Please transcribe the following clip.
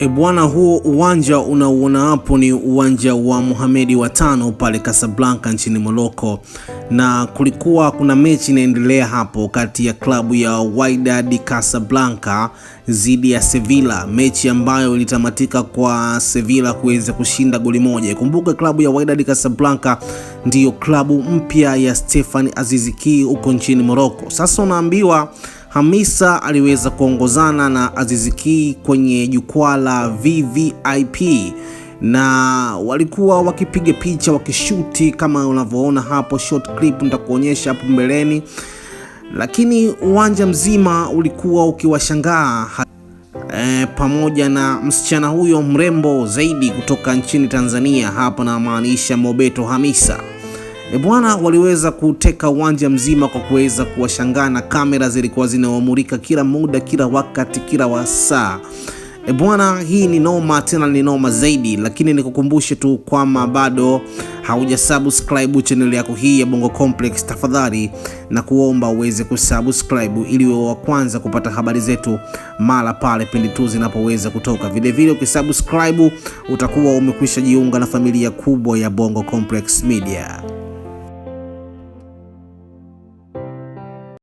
E bwana, huo uwanja unauona hapo ni uwanja wa Mohamed wa tano pale Casablanca nchini Morocco, na kulikuwa kuna mechi inaendelea hapo kati ya klabu ya Wydad Casablanca dhidi ya Sevilla, mechi ambayo ilitamatika kwa Sevilla kuweza kushinda goli moja. Kumbuka klabu ya Wydad Casablanca ndiyo klabu mpya ya Stefan azizi huko nchini Morocco. Sasa unaambiwa Hamisa aliweza kuongozana na aziziki kwenye jukwaa la VVIP na walikuwa wakipiga picha wakishuti, kama unavyoona hapo short clip nitakuonyesha hapo mbeleni, lakini uwanja mzima ulikuwa ukiwashangaa e, pamoja na msichana huyo mrembo zaidi kutoka nchini Tanzania, hapa namaanisha Mobeto Hamisa. E bwana waliweza kuteka uwanja mzima kwa kuweza kuwashangana kamera zilikuwa zinawamulika kila muda, kila wakati, kila wasaa. E bwana, hii ni noma, tena ni noma zaidi, lakini nikukumbushe tu kwamba bado hauja subscribe channel yako hii ya Bongo Complex, tafadhali na kuomba uweze kusubscribe ili uwe wa kwanza kupata habari zetu mara pale pindi tu zinapoweza kutoka. Vilevile ukisubscribe utakuwa umekwisha jiunga na familia kubwa ya Bongo Complex Media.